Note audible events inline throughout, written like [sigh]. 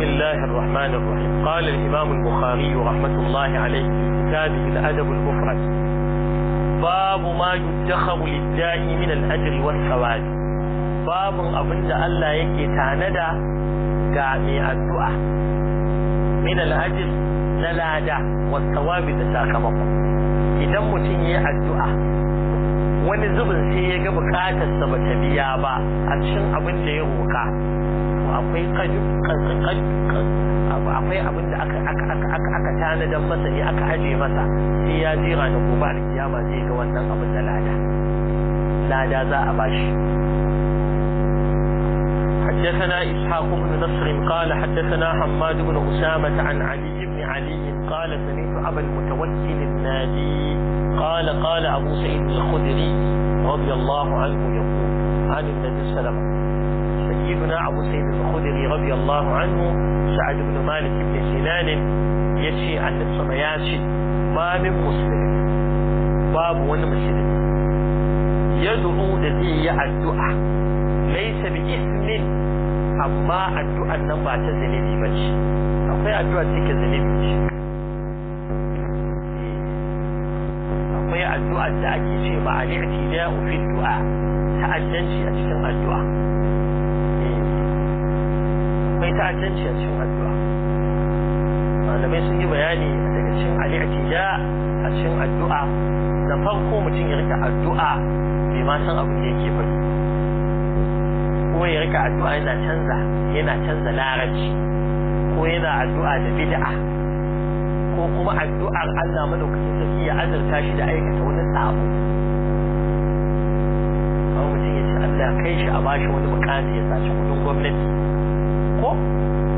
بسم الله الرحمن الرحيم قال الإمام البخاري رحمة الله عليه في كتابه الأدب المفرد باب ما يدخر للداء من الأجر والثواب باب أبن الله يكي تاندى جامع الدعاء من الأجر نلادا والثواب تساكمك إذا متنيع الدعاء wani zubin sai ya ga bukatarsa ba ta biya ba a cikin abin da ya roka akwai akwai abin da aka aka aka aka tanadan masa ne aka aje masa sai ya jira da gobe alkiyama zai ga wannan abin da lada lada za a bashi حدثنا إسحاق بن نصر قال حدثنا حماد بن أسامة عن علي بن علي قال سمعت أبا المتوكل النادي قال قال أبو سعيد الخدري رضي الله عنه يقول عن النبي صلى الله عليه وسلم سيدنا أبو سيد الخدري رضي الله عنه سعد بن مالك بن سنان يشي عن الصمياشي ما من مسلم باب ون مسلم يدعو الذي الدعاء ليس بإثم أما الدعاء نما تزلمي بشي أخي الدعاء تكزلمي akwai addu'ar da ake ce ma al-i'tida'u fi du'a ta'addanci a cikin addu'a akwai ta'addanci a cikin addu'a malamai sun yi bayani daga cikin al'itija a cikin addu'a da farko mutum ya rika addu'a bai ma san abin da yake bari ko ya rika addu'a yana canza yana canza laraci ko yana addu'a da bid'a ko kuma addu'ar Allah madaukakin sarki ya azurta shi da aikata wani kawai mutum ya ce Allah kai shi a bashi wani mukami ya sace kudin gwamnati ko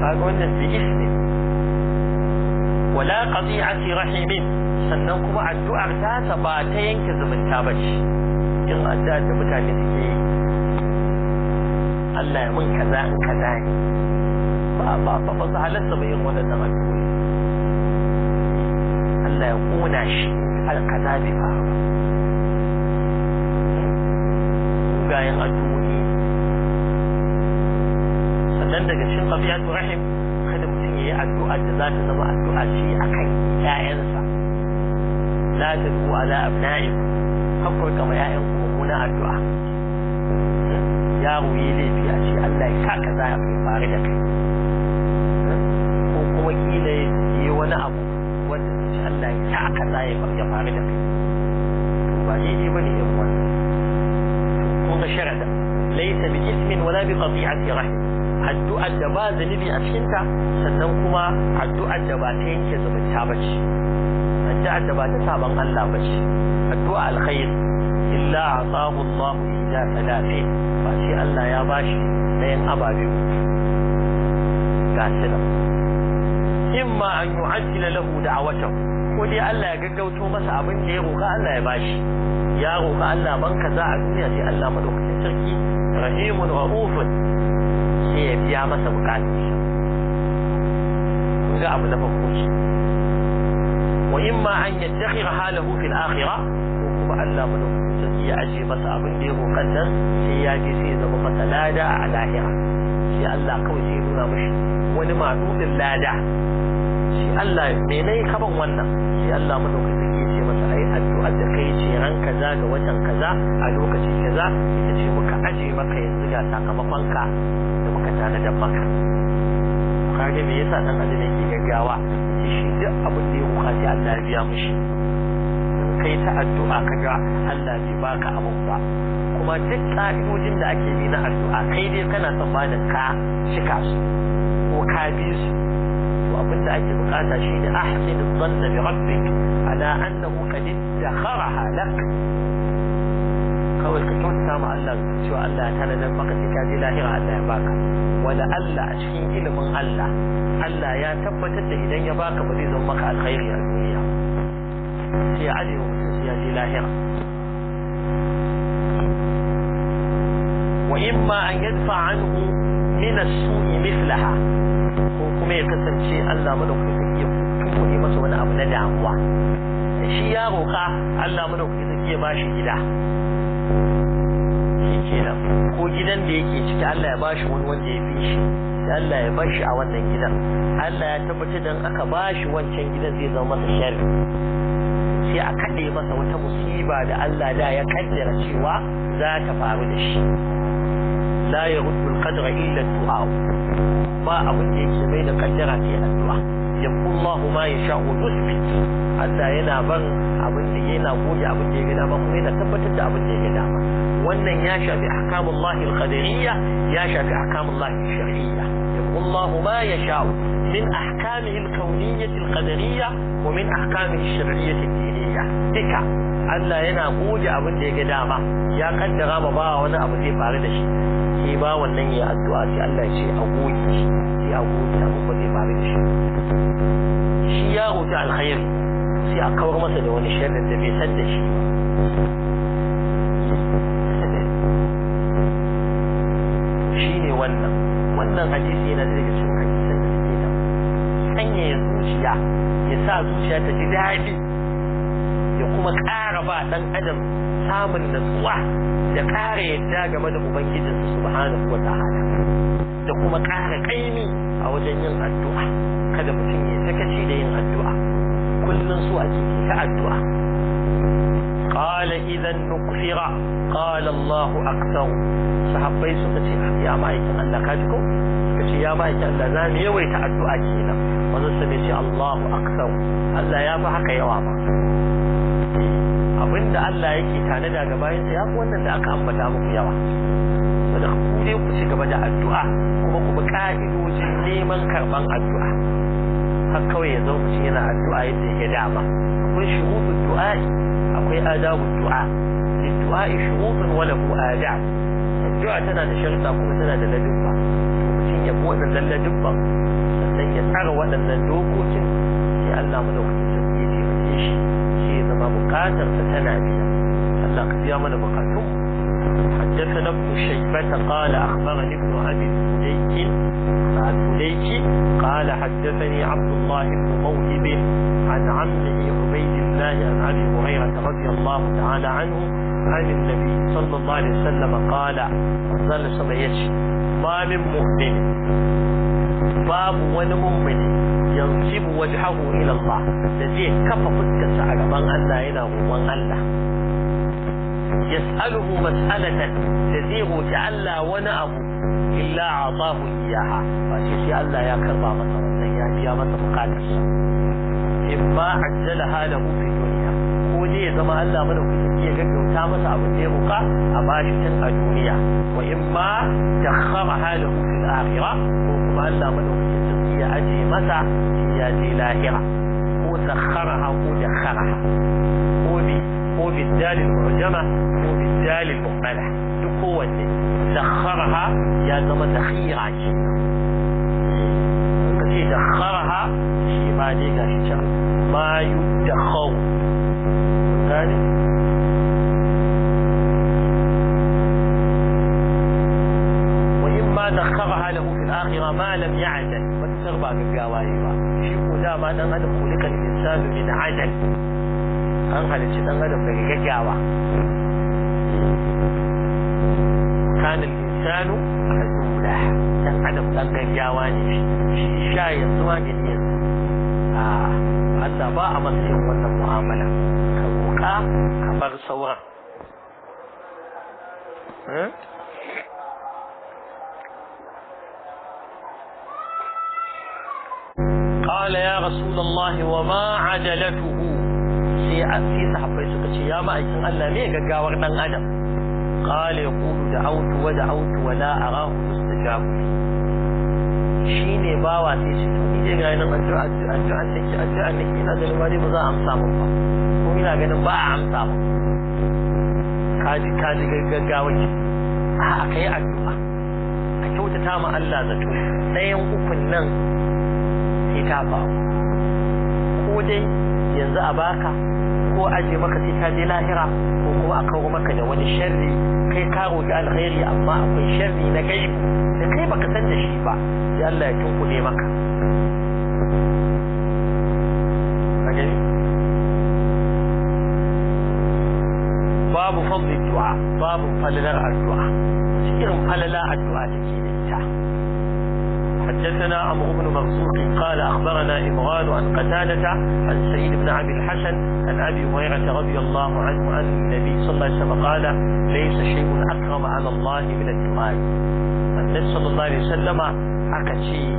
kaga wannan bi'is ne wala qati'ati rahimin sannan kuma addu'ar ta ba ta yanke zumunta ba ce in addu'a da mutane suke yi Allah ya mun kaza in kaza ne ba ba ba ba halatta ba yin wannan addu'a Allah ya kona shi kaza bai fara ba. Gayan addu'o'i sannan daga cikin qati'atu rahim kada mutum yayi addu'a da za ta zama addu'a ce akan ƴaƴansa la tadu ala abna'ik hakkar kama ƴaƴan ku muna addu'a yaro yi laifi a ce Allah ya sa kaza ya faru da kai ko kuma kila yi wani abu wanda zai ce Allah ya sa kaza ya faru da kai ba daidai ba ne yan wannan kun ga sharaɗin laisa bi ismin wala bi qati'ati rahim addu'ar da ba zunubi a cikinta sannan kuma addu'ar da ba ta yanke zumunta ba ce addu'ar da ba ta saban Allah ba ce addu'a alkhair illa atahu Allah ila salati ba sai Allah ya bashi na yin ababe ga shi nan imma an yu'ajjila lahu da'awatahu ko dai Allah ya gaggauto masa abin da ya roƙa Allah ya bashi ya roƙa Allah ban kaza a duniya sai Allah madaukakin sarki rahimun ra'ufun sai ya biya masa bukatar kun ga abu na farko ce wa imma an yattakhira halahu fil akhirah ko kuma Allah mu sai ya aje masa abin da ya kokannan sai ya ji sai ya zama masa lada a lahira sai Allah kawai sai ya nuna mishi wani ma maɗuɗin lada shi Allah me ne kaban wannan shi Allah mu dauki addu'ar da kai ce ran kaza ga watan kaza a lokacin kaza ita ce muka aje maka yanzu ga sakamakon ka da muka da maka kage me yasa dan azumi ke gaggawa shi duk abin da ya kuka Allah ya biya mishi kai ta addu'a kaga Allah bai baka abun ba kuma duk ka'idojin da ake bi na addu'a kai dai kana tsammanin ka cika su ko ka bi su to abin da ake bukata shine ahsin dhanna bi rabbik ala annahu qad sakharaha lak kawai ka kyauta ma Allah cewa Allah ya tana nan baka sai ka je lahira Allah ya baka wala Allah a cikin ilimin Allah Allah ya tabbatar da idan ya baka ba zai zama maka alkhairi a duniya sai ya ajiye mutum sai ya je lahira wa imma an yadfa anhu min as-su'i mislaha ko kuma ya kasance Allah madaukakin ya tuhu masa wani abu na damuwa shi ya roƙa Allah mana ku zaki ya bashi gida shi kenan ko gidan da yake ciki Allah ya bashi wani wanda ya fi shi Allah ya bashi a wannan gidan Allah ya tabbata dan aka bashi wancan gidan zai zama masa shari sai a kade masa wata musiba da Allah da ya kaddara cewa za ta faru da shi la ya rubu qadra illa du'a ba abin da yake mai da kaddara sai addu'a yaqul Allahu ma yasha'u yuthbit Allah yana ban abin da yana goge abin da ya dama kuma yana tabbatar da abin da ya ga dama wannan ya shafi ahkamullahi al-qadariyya ya shafi ahkamullahi al-shar'iyya yaqul Allahu ma yasha'u min ahkamihi al-kawniyyah al wa min ahkamihi al biyayya duka Allah yana goge abin da ya ga dama ya kaddara ba ba wani abu zai faru da shi sai ba wannan ya addu'a sai Allah ya ce a goge shi sai a goge abin ba zai faru da shi shi ya roƙi alkhair sai a kawar masa da wani shayar da bai san da shi [laughs] shi ne wannan wannan hadisi yana daga cikin hadisan da suke da sanya zuciya ya sa zuciya ta ji daɗi ya kuma ƙara ba ɗan adam samun natsuwa da ƙara yadda game da ubangijinsa subhanahu wa da kuma ƙara ƙaimi a wajen yin addu'a kada mutum ya sakaci da yin addu'a kullum su a ciki ta addu'a قال إذا نكفر قال الله أكثر sahabbai suka ce ya ma'aikin Allah ka ce ma'aikin Allah za mu yawaita addu'a kenan wannan sai ce Allahu akbar Allah ya fi haka yawa ba abinda Allah yake tanada ga bayan sa yafi wannan da aka ambata muku yawa saboda ku dai ku ci gaba da addu'a kuma ku bi ka'idojin neman karban addu'a har kawai ya zo ku yana addu'a yadda yake dama akwai shuruɗin du'a akwai adabun du'a للدعاء wala ku adab du'a tana da sharta kuma tana da ladubba mutum ya bi waɗannan ladubban sannan ya tsara waɗannan dokokin sai Allah mu da ya shi amma bukatar sa tana biya Allah ka biya mana bukatun حدثنا ابن شيبة قال أخبرني ابن أبي الفليك الفليك قال حدثني عبد الله بن موهب عن عمه عبيد الله عن أبي هريرة رضي الله تعالى عنه عن النبي صلى الله عليه وسلم قال صلى الله عليه وسلم ma min babu wani mummuni yanjibu wajhahu ila Allah da zai kafa fuskarsa a gaban Allah yana roƙon Allah yas'aluhu mas'alatan da zai roƙi Allah wani abu illa atahu iyaha ba shi sai Allah ya karba masa wannan ya biya masa bukatarsa imma ajjalaha lahu fi duniya ya zama Allah madaukaki ya gaggauta masa abu da ya roƙa a bashi tun a duniya wa in ma ta dakhara halahu fil akhira ko kuma Allah madaukaki ya aje masa ya ji lahira ko ta khara ha ko ta khara ko bi ko bi dalil murjama ko bi dalil muqbala duk kowanne dakharaha ya zama dakhira ce kace dakharaha shi ma dai gashi can ma yudakharu gane wa in ma dakharaha lahu fil akhirah ma lam ya'dal wata sarba gaggawa ne ba shi ko dama dan adam kulikan insanu min adal an halicci dan adam daga gaggawa كان الإنسان عزولا dan adam dan gaggawa ne shi sha yanzu ma gani a ah, Allah ba a matsayin wannan mu'amala آه، قال يا رسول الله وما عدلته سي في صحابي suka ce ya ma'aikin Allah me gaggawar قال يقول دعوت ودعوت ولا اراه مستجاب shi ne bawa sai shi to ni ga nan addu'a addu'a a addu'a nake ina ganin ba dai ba za a amsa mun ba ko ina ganin ba a amsa mun ka ji gaggawa ki a kai addu'a a kyautata ma Allah zato ɗayan ukun nan sai ta faru ko dai yanzu a baka ko aje maka sai ka je lahira ko kuma a kawo maka da wani sharri kai ka roƙi alkhairi amma akwai sharri na kai da kai baka san da shi ba sai Allah ya tunkule maka babu fadli du'a babu falalar addu'a cikin irin falala addu'a take ke da ita حدثنا عمرو بن مرزوق قال أخبرنا إمغان عن قتادة عن سعيد بن عبد الحسن عن أبي هريرة رضي الله عنه عن النبي صلى الله عليه وسلم قال ليس شيء أكرم على الله من الدعاء النبي صلى الله عليه وسلم شيء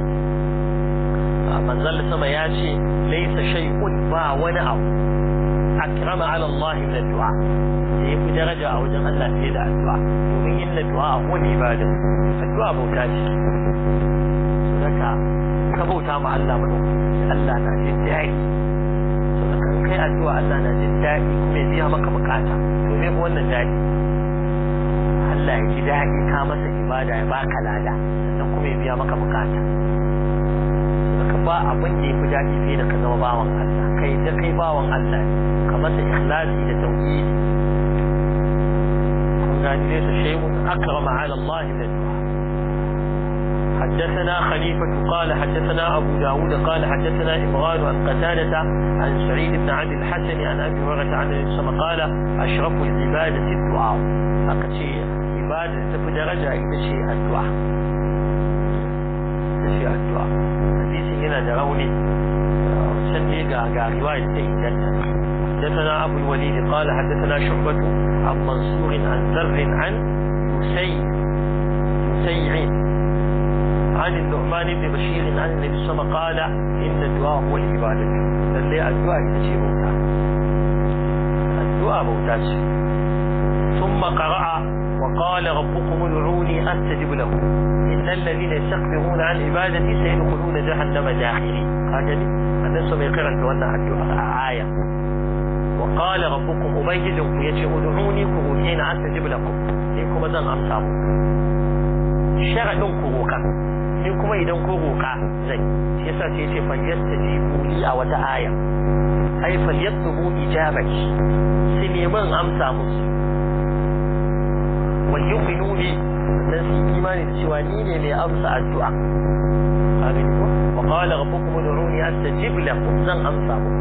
من ظل سما ياشي ليس شيء ما ولا أكرم على الله من الدعاء يكون درجة أو جمع الله في الدعاء ومن الدعاء هو العبادة الدعاء بوتاتي ka bauta ma Allah ba Allah na jin daɗi kan kai addu'a Allah na jin daɗi kuma biya maka bukata to me wannan daɗi Allah ya ji daɗi ka masa ibada ya baka lada sannan kuma ya biya maka bukata ka ba abin da ya fi daɗi fiye da ka zama bawan Allah kai da kai bawan Allah ka masa ikhlasi da tauhidi kun gani ne su shehu akrama ala Allah da du'a حدثنا خليفة قال حدثنا أبو داود قال حدثنا إبغال عن قتادة عن سعيد بن عبد الحسن عن أبي هريرة عن النبي قال أشرف العبادة الدعاء فقط شيء عبادة تفي درجة إلى شيء الدعاء شيء الدعاء حديث هنا دروني سنة قا رواية سيدنا حدثنا أبو الوليد قال حدثنا شعبة عن منصور عن ذر عن يسيع يسيع عن النعمان بن بشير عن النبي صلى الله عليه وسلم قال إن الدعاء هو العبادة للي الدعاء يتشي موتا الدعاء موتا ثم قرأ وقال ربكم ادعوني أستجب له إن الذين يستكبرون عن عبادتي سيدخلون جهنم داخلي هكذا النبي صلى الله عليه وسلم آية وقال ربكم أبيجكم يتشي ادعوني كروحين أستجب لكم لكم أذن أصابكم sharaɗin kurokan ni kuma idan ko roka zai yasa sai ce falyastajibu li a wata aya ai falyatlubu Sai su neman amsa musu wal yu'minu bi dan su imani da cewa ni ne mai amsa addu'a amin ko wa qala rabbukum ud'uni astajib lakum zan amsa muku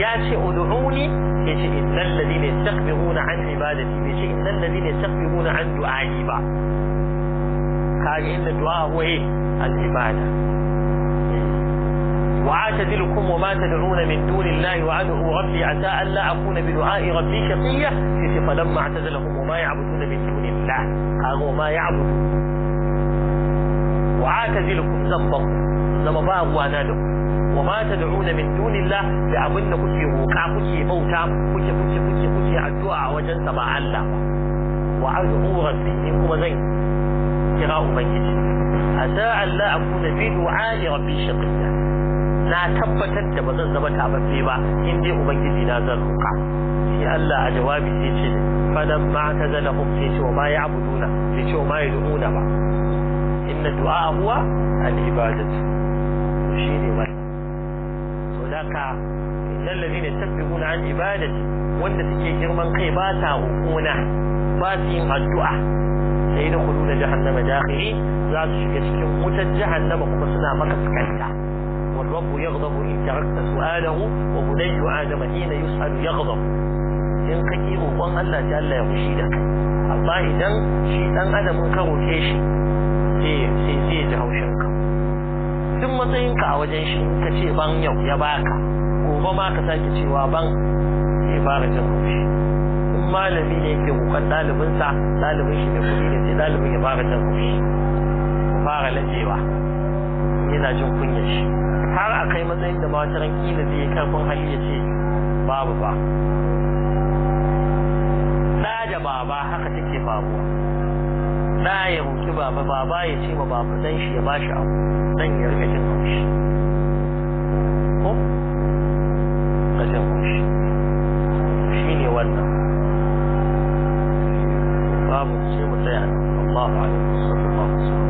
ya ce ud'uni ya ce innal ladina yastakbiruna an ibadati ya ce innal ladina yastakbiruna an du'ai ba حاجة إن الدعاء هو إيه العبادة وأعتزلكم وما تدعون من دون الله وعده ربي عسى ألا أكون بدعاء ربي شقية فلما اعتزلهم وما يعبدون من دون الله قالوا ما يعبدون وأعتزلكم ذنبكم zama ba وما تدعون من دون الله لأبن min dunillah da abin da kuke roƙa kuke الدعاء kuke مع الله وعده ربي a wajen kira ubangiji A asa Allah akuna fi du'a'i rabbi shaqiya na tabbatar da ba zan zama tababbe ba in dai ubangiji na zan roka sai Allah a jawabi sai ce falamma tazalahum sai ce wa ma nuna, sai ce wa ma ya da ba inna du'a a huwa al-ibadatu shine wannan to daka innal ladina yastakbiruna an ibadati wanda suke girman kai ba ta hukuna ba su yin addu'a na yadkhuluna jahannama dakhirin za su shiga cikin wutar jahannama kuma suna maka makaskanta والرب يغضب إن تركت سؤاله وبني آدم حين يسأل يغضب in ka ki roƙon Allah ta Allah ya fushi da amma idan shi dan adam ka roƙe shi sai sai sai ji haushin ka duk matsayin ka a wajen shi ka ce ban yau ya baka gobe ma ka sake cewa ban ya fara jin haushi malami ne yake kukan ɗalibinsa ɗalibin shi da kuɗi ne sai ɗalibin ya fara jan kushi ya fara lajewa yana jin kunyar shi har a kai matsayin da ba ran kila zai yi karfin hali ya ce babu ba ɗa da baba haka take faruwa ɗa ya roki baba baba ya ce ma babu dan shi ya bashi abu dan ya rika jin kushi ko ka jin kushi shi ne wannan babu sai mu tsaya Allahu alaihi kusa.